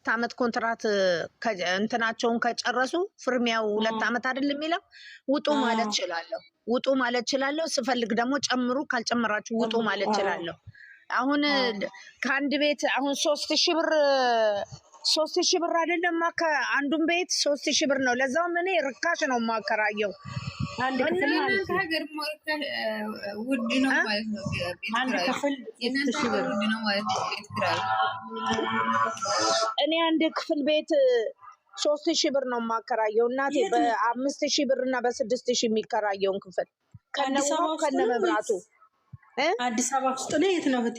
ሁለት ዓመት ኮንትራት እንትናቸውን ከጨረሱ ፍርሚያው ሁለት ዓመት አይደል የሚለው ውጡ ማለት እችላለሁ። ውጡ ማለት እችላለሁ። ስፈልግ ደግሞ ጨምሩ፣ ካልጨመራችሁ ውጡ ማለት እችላለሁ። አሁን ከአንድ ቤት አሁን ሶስት ሺህ ብር ሶስት ሺህ ብር አይደለም ማከ አንዱን ቤት ሶስት ሺህ ብር ነው። ለዛውም እኔ ርካሽ ነው ማከራየው። እኔ አንድ ክፍል ቤት ሶስት ሺህ ብር ነው ማከራየው እናቴ፣ በአምስት ሺህ ብር እና በስድስት ሺህ የሚከራየውን ክፍል ከነ መብራቱ አዲስ አበባ ውስጥ ነው። የት ነው እህቴ?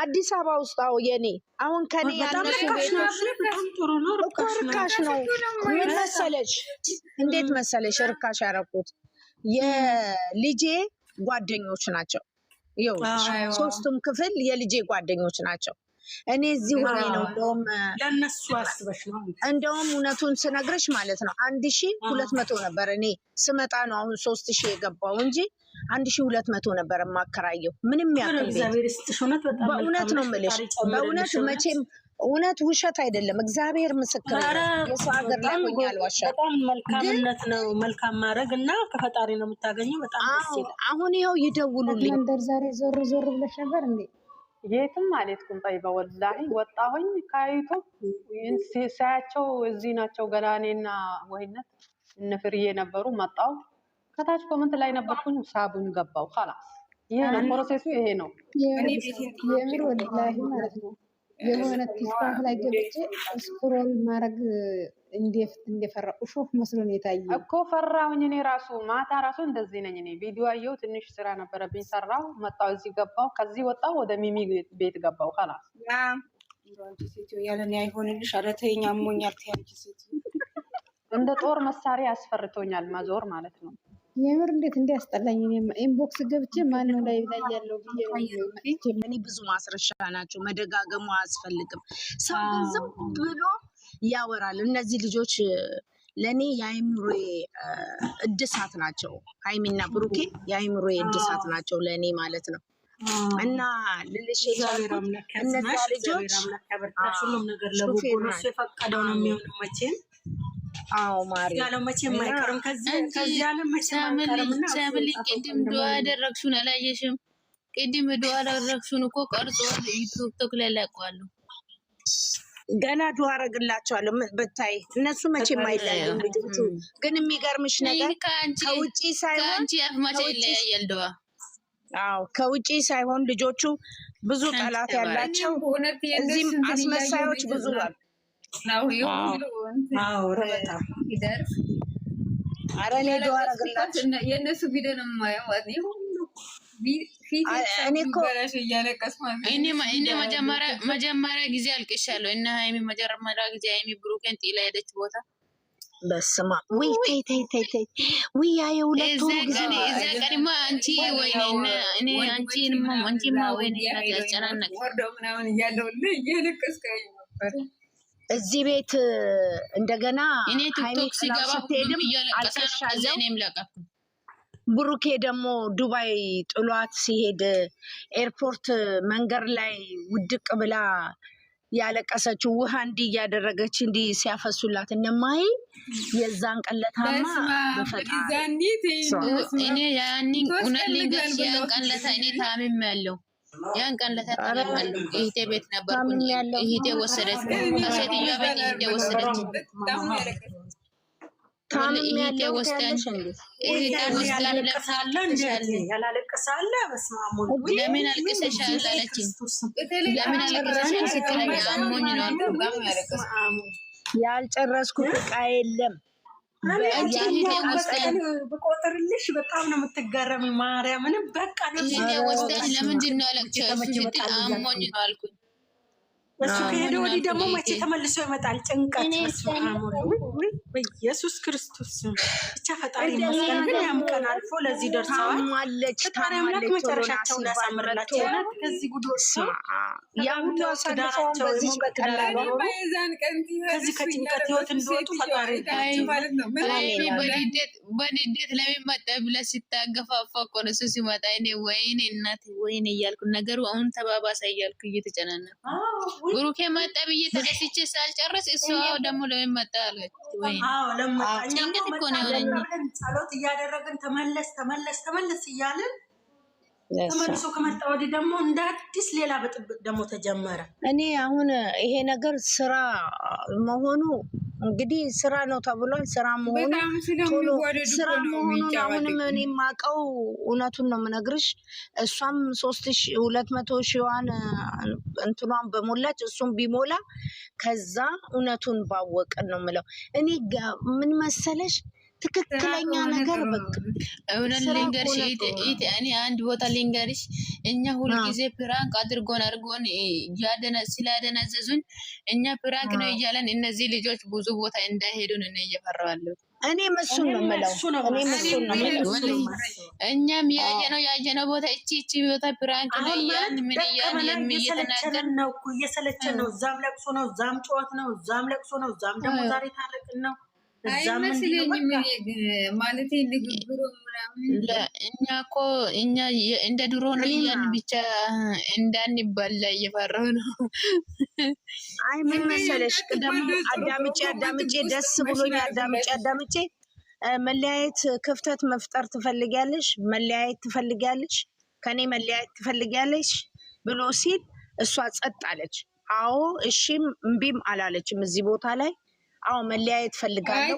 አዲስ አበባ ውስጥ አዎ፣ የኔ አሁን ከኔ ያነሱ ርካሽ ነው። ምን መሰለሽ፣ እንዴት መሰለሽ እርካሽ ያደረኩት የልጄ ጓደኞች ናቸው። ይኸው ሶስቱም ክፍል የልጄ ጓደኞች ናቸው። እኔ እዚህ ሆኔ ነው እንደውም እንደውም እውነቱን ስነግርሽ ማለት ነው አንድ ሺ ሁለት መቶ ነበር እኔ ስመጣ ነው አሁን ሶስት ሺ የገባው እንጂ አንድ ሺ ሁለት መቶ ነበር የማከራየው። ምንም ያክል በእውነት ነው የምልሽ፣ በእውነት መቼም እውነት ውሸት አይደለም። እግዚአብሔር ምስክር የሰው ሀገር ላይ ሆኛል በጣም መልካምነት ነው መልካም ማድረግ እና ከፈጣሪ ነው የምታገኘው። በጣም አሁን ይኸው ይደውሉልኝ። መንደር ዛሬ ዞር ዞር ብለሽ ነበር እንዴ? የትም አልሄድኩም። ወላሂ ወጣሁኝ። ሳያቸው እዚህ ናቸው ገላኔና ወይነት እነ ፍርዬ ነበሩ መጣው ከታች ኮመንት ላይ ነበርኩኝ፣ ሳቡን ገባው። ላስ ይሄ ነው ፕሮሴሱ፣ ይሄ ነው የምር ወላሂ ማለት ነው። የሆነ ቲክቶክ ላይ ገብቼ ስክሮል ማድረግ እንደፈራ መስሎ ነው እኮ እኔ ራሱ ማታ ራሱ እንደዚህ ነኝ እኔ ቪዲዮ አየሁ። ትንሽ ስራ ነበረብኝ ሰራው፣ መጣው፣ እዚህ ገባው፣ ከዚህ ወጣው፣ ወደ ሚሚ ቤት ገባው። ያለን አይሆንልሽ፣ ኧረ ተይኝ፣ አሞኛል፣ ተይ አንቺ ሴት እንደ ጦር መሳሪያ ያስፈርቶኛል፣ መዞር ማለት ነው። የምር እንዴት እንዲያስጠላኝ ኢንቦክስ ገብቼ ማንም ላይ ላይ ያለው እኔ ብዙ ማስረሻ ናቸው። መደጋገሙ አያስፈልግም። ሰው ዝም ብሎ ያወራል። እነዚህ ልጆች ለእኔ የአይምሮዬ እድሳት ናቸው። ሀይሚና ብሩኬ የአይምሮዬ እድሳት ናቸው ለእኔ ማለት ነው። እና ልልሽ እነዛ ልጆች ሁሉም ነገር ለቦ ነው የፈቀደው ነው የሚሆነው መቼም አዎ ማሪ ያለው መቼም አይቀርም። ከዚህ ከዚህ መቼም አይቀርም። ቅድም ዱአ አላየሽም? ቅድም ዱአ እኮ ቀርጾ ቲክቶክ ላይ ገና ዱአ አደርግላቸዋለሁ። ብታይ እነሱ መቼም አይለያዩም ልጆቹ። ግን የሚገርምሽ ነገር ከውጪ ሳይሆን ይለያያል ዱአ አዎ ከውጪ ሳይሆን ልጆቹ ብዙ ጠላት ያላቸው እዚህም አስመሳዮች ብዙ አሉ። ነው ይደርስ። አረ የእነሱ ቪዲዮ ነው የማየው። እኔ መጀመሪያ ጊዜ አልቅሻለሁ እና ሀይሚ መጀመሪያ ጊዜ ሀይሚ ብሩኬን ጥላ ሄደች ቦታ በስማ ተይ ተይ ተይ ጊዜ ቀድማ አንቺ ወይኔ አንቺ ወይኔ ያጨናነቅ ወርዶ ምናምን ነበር። እዚህ ቤት እንደገና ቲክቶክ ሲገባ ሁሉም እያለቀሰ ብሩኬ ደግሞ ዱባይ ጥሏት ሲሄድ ኤርፖርት መንገድ ላይ ውድቅ ብላ ያለቀሰችው ውሃ እንዲህ እያደረገች እንዲህ ሲያፈሱላት እነማይ የዛን ቀለታማ በፈጣ እኔ ያንን እውነት ልንገርሽ ያን ቀለታ እኔ ያለው ያን ቀን ለተጠቀማሉ ቤት ነበር። ይህቴ ወሰደች፣ ከሴትዮዋ ቤት ወሰደች። ለምን አልቅሰሻል አለችኝ። ለምን አልቅሰሻል ስትለኝ አሞኝ ነው ያልጨረስኩት የለም በቆጥርልሽ በጣም ነው የምትገረሚ። ማርያምን በቃ ነው ለምንድን ነው አሞኝ ነው አልኩኝ እሱ ከሄደ ወዲህ ደግሞ መቼ ተመልሶ ይመጣል? ጭንቀት በኢየሱስ ክርስቶስ ብቻ ፈጣሪ ይመስገን። ግን ያምቀን አልፎ ለዚህ ደርሰዋል። ፈጣሪ አምላክ መጨረሻቸውን ያሳምርላቸው። ከዚህ ጉድ ወጥተው ከዚህ ከጭንቀት ህይወት እንደወጡ ፈጣሪ በንዴት ለሚመጣ ብለ ሲታገፋፋ እኮ ነው እሱ ሲመጣ፣ ወይኔ እናቴ ወይኔ እያልኩ ነገሩ አሁን ተባባሰ እያልኩ እየተጨናነ ብሩኬ መጣ ብዬ ተደስቼ ሳልጨርስ እሱ ደግሞ ለምን መጣ አለች። ጭንቀት እኮ ነው ጸሎት እያደረግን ተመለስ ተመለስ ተመለስ እያልን ተመልሶ ከመጣ ወዲህ ደግሞ እንደ አዲስ ሌላ በጥብቅ ደግሞ ተጀመረ። እኔ አሁን ይሄ ነገር ስራ መሆኑ እንግዲህ ስራ ነው ተብሏል። ስራ መሆኑ ስራ መሆኑን አሁንም እኔ የማውቀው እውነቱን ነው የምነግርሽ። እሷም ሶስት ሺ ሁለት መቶ ሺዋን እንትኗን በሞላች እሱም ቢሞላ ከዛ እውነቱን ባወቅን ነው የምለው እኔ ምን መሰለሽ ትክክለኛ ነገር በቃ እውነት ልንገርሽ፣ እኔ አንድ ቦታ ልንገርሽ፣ እኛ ሁልጊዜ ፕራንክ አድርጎን አድርጎን ስላደነዘዙን እኛ ፕራንክ ነው እያለን እነዚህ ልጆች ብዙ ቦታ እንዳይሄዱን እኔ እየፈራዋለሁ። እኔ እሱን ነው የምለው። እኛም ያየነው ያየነው ቦታ እቺ እቺ ቦታ ፕራንክ ነው እያን ምን እያን የሚየተናገር ነው እየሰለቸን ነው። እዛም ለቅሶ ነው፣ እዛም ጨዋት ነው፣ እዛም ለቅሶ ነው፣ እዛም ደግሞ ዛሬ ታረቅን ነው እኛ እኮ እኛ እንደ ድሮ ብቻ እንዳንባላ እየፈራሁ ነው። አይ ምን መሰለሽ ደግሞ አዳምጬ አዳምጬ ደስ ብሎኝ አዳምጬ አዳምጬ መለያየት ክፍተት መፍጠር ትፈልጊያለሽ፣ መለያየት ትፈልጊያለሽ፣ ከኔ መለያየት ትፈልጊያለሽ ብሎ ሲል እሷ ጸጥ አለች። አዎ እሺም እምቢም አላለችም እዚህ ቦታ ላይ አዎ መለያየት ፈልጋለሁ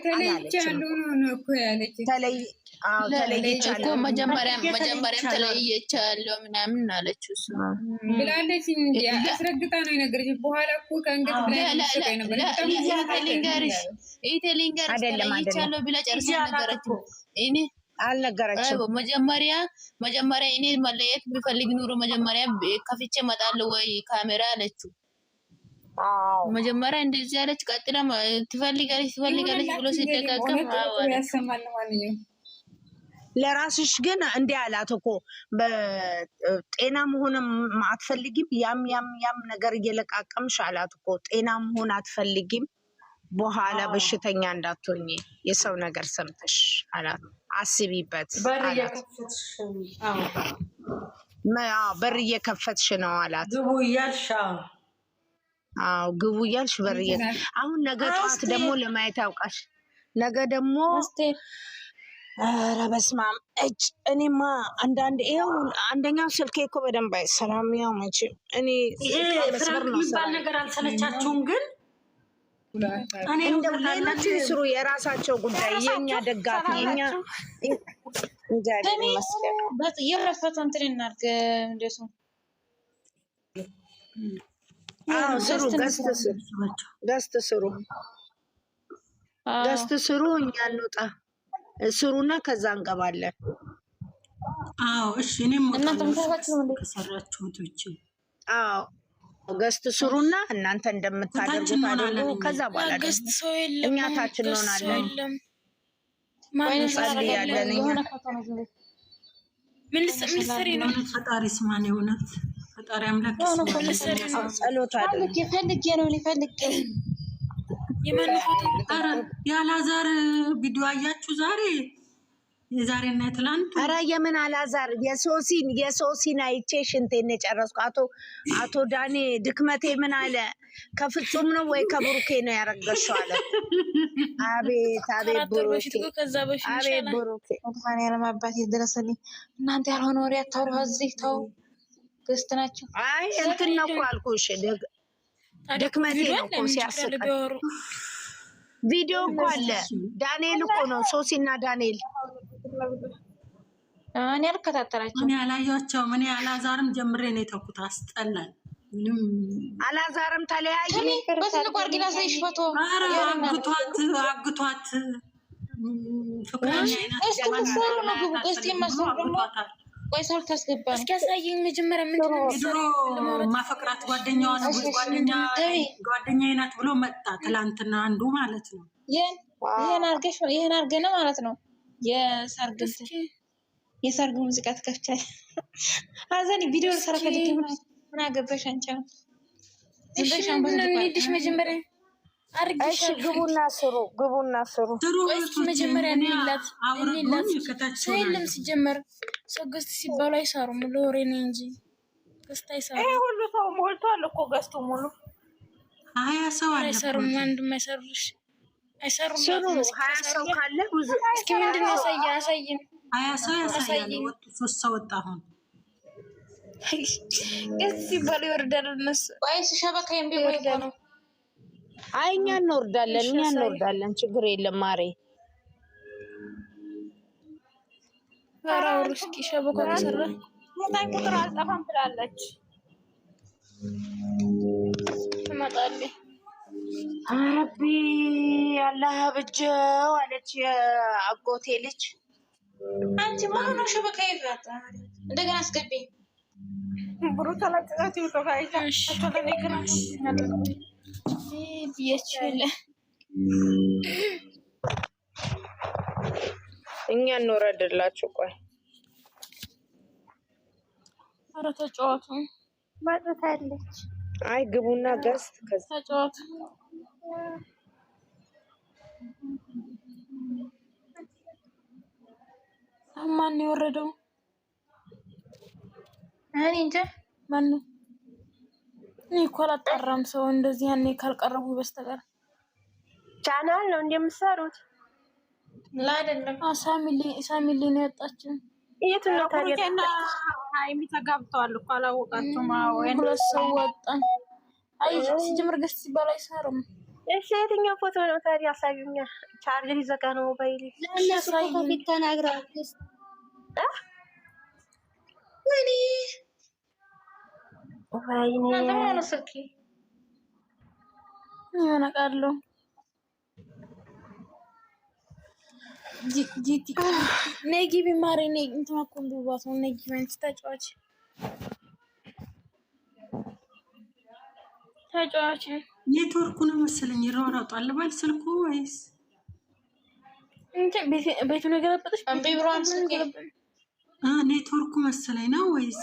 ተለይቻለሁ። መጀመሪያም ተለይቻለሁ ምናምን ብላለች። አስረግጣ ነው በኋላ እኮ ከእንግዲህ ልንገርሽ ተለይቻለሁ ብላ ጨርሳ እኔ አልነገረችም። መጀመሪያ መጀመሪያ እኔ መለየት ቢፈልግ ኑሮ መጀመሪያ ከፍቼ እመጣለሁ ወይ ካሜራ አለችው። መጀመሪያ እንደዚህ ያለች ቀጥላ ትፈልጋለች ትፈልጋለች ብሎ ሲደጋገም ለራስሽ ግን እንዲህ አላት እኮ ጤና መሆን አትፈልጊም፣ ያም ያም ያም ነገር እየለቃቀምሽ አላት እኮ ጤና መሆን አትፈልጊም፣ በኋላ በሽተኛ እንዳትሆኝ የሰው ነገር ሰምተሽ አላት። አስቢበት አላት። በር እየከፈትሽ ነው አላት። አዎ ግቡ እያልሽ በር አሁን ነገ ጠዋት ደግሞ ለማየት ያውቃሽ። ነገ ደግሞ ኧረ በስመ አብ እጭ እኔማ አንዳንድ ይኸው አንደኛው ስልኬ እኮ በደንብ አይሰራም። ያው መቼም እኔ ፍራንክ የሚባል ነገር አልሰለቻችሁም? ግን እንደው ሌሎች ስሩ የራሳቸው ጉዳይ። የእኛ ደጋፊ የኛ እግዚአብሔር የረፈተንትን እናድርግ እንደሱ ስሩ ጋዝ ትስሩ እኛ እንውጣ ስሩና ከዛ እንገባለን። አዎ እሺ። እኔም ገስት ስሩና እናንተ እንደምታደርጉት ከዛ በኋላ እኛ ታች እንሆናለን፣ ምን ልስሪ ነው ፈጣሪ ስማን የእውነት ፈጣሪ አምላክ የአላዛር ቪዲዮ አያችሁ ዛሬ የዛሬና የትላንቱ። ኧረ የምን አላዛር የሶሲን የሶሲን አይቼ ሽንቴን የጨረስኩ። አቶ አቶ ዳኔ ድክመቴ ምን አለ? ከፍጹም ነው ወይ ከብሩኬ ነው ያረገሽው አለ። አቤት አቤት ብሩኬ አቤት ብሩኬ ማን ያለማባት ይደረሰልኝ። እናንተ ያልሆነ ወሬ አታውሩ እዚህ ተው። ገስት ናቸው። አይ እንትን ነው እኮ አልኩሽ፣ ደክመቴ ነው እኮ ሲያስቀል ቪዲዮ እኮ አለ። ዳንኤል እኮ ነው ሶሲና ዳንኤል። እኔ አልከታተላቸው፣ እኔ አላያቸውም። እኔ አላዛርም ጀምሬ ነው የተኩት። አስጠላል። አላዛርም ተለያየ። በትልቁ አድርጊ ላሳይሽ ፎቶ። አግቷት አግቷት ፍቅረኛ አይነት ገስት የማስሩ ደግሞ ቆይ ሰው ታስገባ እስኪ አሳየኝ። መጀመሪያ ምንድነው የድሮ ማፈቅራት ጓደኛዋ ጓደኛ ናት ብሎ መጣ ትላንትና፣ አንዱ ማለት ነው። ይህን አርገ ነው ማለት ነው የሰርግ የሰርግ ሙዚቃ ትከፍቻል። አዘን ቪዲዮ ሰራ ከድ ምን አገባሽ አንቻ ነው ዝንበሻ መጀመሪያ እሺ ግቡና ስሩ፣ ግቡና ስሩ። እስኪ መጀመሪያ እኔላት ሰው የለም ሲጀመር። ሰው ገዝት ሲባሉ አይሰሩም። ለወሬ ነው እንጂ ገዝት አይሰሩም። ይሄ ሁሉ ሰው ሞልቷል እኮ ገዝቱ ሙሉ ሀያ ሰው አለ። አይሰሩም፣ አንድም አይሰሩልሽ፣ አይሰሩም። ሀያ ሰው ካለ እስኪ ምንድን ነው ያሳየን፣ አሳየን። ሀያ ሰው ያሳያል። ሶስት ሰው ወጣ አሁን ገዝት ሲባሉ ይወርዳሉ እነሱ። ወይስ ሸበካ የሚወርዳ ነው አይ እኛ እንወርዳለን፣ እኛ እንወርዳለን። ችግር የለም ማሬ። ራሩ እስኪ ሸበኮ ሰራ ሞታን ቁጥር አልጠፋም ትላለች። ትመጣለች። አረቢ አላህ ብጀው አለች የአጎቴ ልጅ። አንቺ ማኑ ሸበካ ይፈታ እንደገና አስገቢ ብሩ ተለቀቀት ይውጣ ካይታ ነው ብያችኋለሁ። እኛ እንወረድላችሁ። ቆይ ኧረ ተጫወቱ። ማጥታለች። አይ ግቡና ገዝት ተጫወቱ። ማን የወረደው? እኔ እንጃ ማን እኔ እኮ አላጣራም ሰው እንደዚህ ያኔ ካልቀረቡ በስተቀር ቻናል ነው እንደምትሰሩት አይደለም። ሳሚሊ ነው ያጣችን። የት ነው ታዲያና ሀይሚ ተጋብተዋል እኮ አላወቃችሁም? ሁለት ሰው ወጣን። አይ ሲጀምር ገስ ሲባል አይሰሩም። እሺ የትኛው ፎቶ ነው ታዲያ? አሳዩኛ። ቻርጀር ይዘጋ ነው ሞባይል ለእነሱ ፎቶ ፊት ተናግረዋል። ወይኔ ወይኔ ስልኬ የሆነ ነጊ ቢማሪ እንትና እኮ ቢዋት ነጊ አንቺ ተጫዋች ተጫዋች ኔትወርኩ ነው መሰለኝ ይሯሯጣል ባል ስልኩ ወይስ ቤቱን የገለበጠች ኔትወርኩ መሰለኝ ነው ወይስ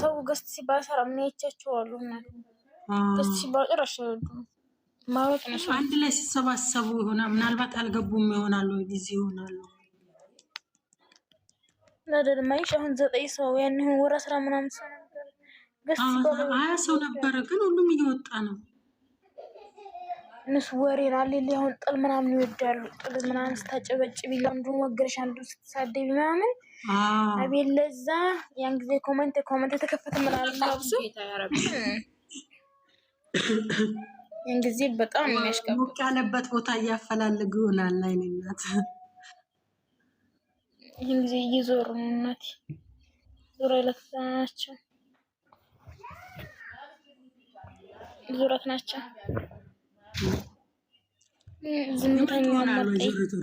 ሰው ገስት ሲባል ሰራ ምን አይቻቸዋለሁ እና ገስት ሲባል ጭራሽ ማለት ነው። አንድ ላይ ሲሰባሰቡ ይሆናል ምናልባት አልገቡም ይሆናሉ ጊዜ ይሆናሉ አሁን ዘጠኝ ሰው ወር ምናምን ሰው ሀያ ሰው ነበረ፣ ግን ሁሉም እየወጣ ነው። እነሱ ወሬ አሁን ጥል ምናምን ይወዳሉ። ጥል ምናምን ስታጨበጭቢ ለአንዱ መገረሽ አንዱ ስትሳደቢ ምናምን አቤት ለዛ ያን ጊዜ ኮመንት ኮመንት ተከፈተ ምናምን ያን ጊዜ በጣም የሚያሽቀብ ሙቅ ያለበት ቦታ እያፈላለጉ ይሆናል። አይ እናት ይህን ጊዜ እየዞሩ ነው እናት ዙረት ናቸው ዙረት ናቸው ዝምተኛ መጣ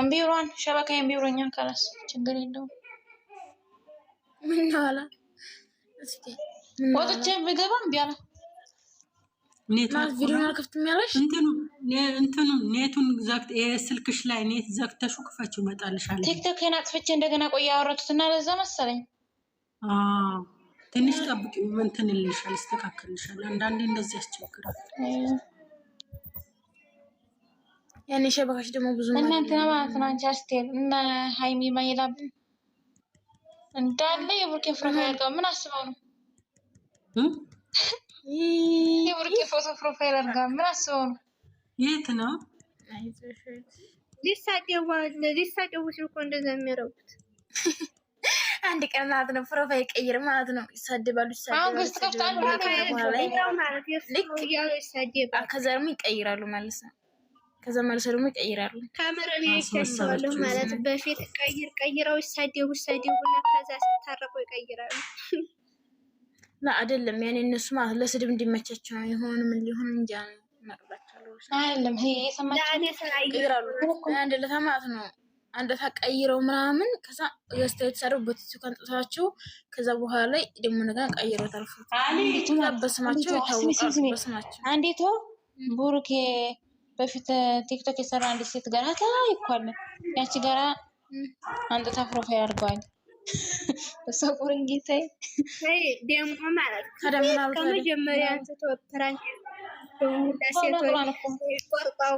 እምቢ ብሏን ሸበካ እምቢ ብሎኛል። ችግር የለውም። ምን አላ እስኪ ወጥቼ ብገባ እምቢ አለ። ኔቱን ስልክሽ ላይ ኔት ዘግተሹ ይመጣልሻል። እንደገና ቆይ እና ለዛ መሰለኝ ትንሽ ጠብቂ፣ እንትን አንዳንዴ እንደዚህ ያስቸግራል። ያኔ ሸበካች ደግሞ ብዙ እናንተ ማለት ነው። አንቺ አስቴር እና ሀይሚ ማይላብን እንዳለ የቡርኬ ፕሮፋይል ጋር ምን አስበው ነው? የቡርኬ ፎቶ ፕሮፋይል ጋር ምን አስበው ነው? የት ነው ሊሳደቡ ሲል እኮ እንደዛ የሚያረጉት አንድ ቀን ማለት ነው። ፕሮፋይል ቀይር ማለት ነው። ይሳደባሉ ይሳደባሉ፣ ከዛ ደግሞ ይቀይራሉ ማለት ነው። ከዛ መልሰ ደግሞ ይቀይራሉ። ከምር እኔ ማለት በፊት ቀይር ቀይረው ይሳደቡ ይሳደቡና ከዛ ሲታረቁ ይቀይራሉ። ላ አይደለም ያኔ እነሱ ማለት ለስድብ እንዲመቻቸው የሆን ምን ሊሆን እንጃ አይደለም አንድ ማለት ነው። አንደታ ቀይረው ምናምን ከዛ ገዝታ የተሰሩ በቲቱካን ጥሳቸው ከዛ በኋላ ላይ ደግሞ ነገር ቀይረው ተርፉ በስማቸው ይታወቃሉ። በስማቸው አንዴቶ ቡሩኬ በፊት ቲክቶክ የሰራ አንድ ሴት ጋራ ተያይኳል። ያቺ ጋራ አንጥታ ፕሮፋይል ያርጓል እሷ ቁርንጌታ ደግሞ ማለት ከመጀመሪያ አንስቶ ፕራንክ ሁላ ሴቶች ቆርጣው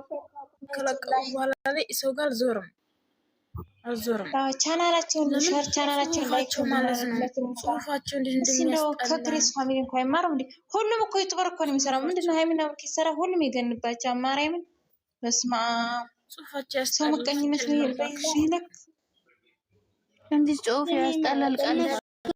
ከለቀቁ በኋላ ላይ ሰው ጋር ዞርም ቻናላቸውን ሸር ቻናላቸውን ሁሉም እኮ ዩቱበር እኮ ነው የሚሰራው። ምንድነው ሀይሚና ብሩክ ይሰራ ሁሉም የገንባቸው አማራይምን በስማ ሰው ምቀኝነት ነው እንዲህ ጽሁፍ ያስጠላል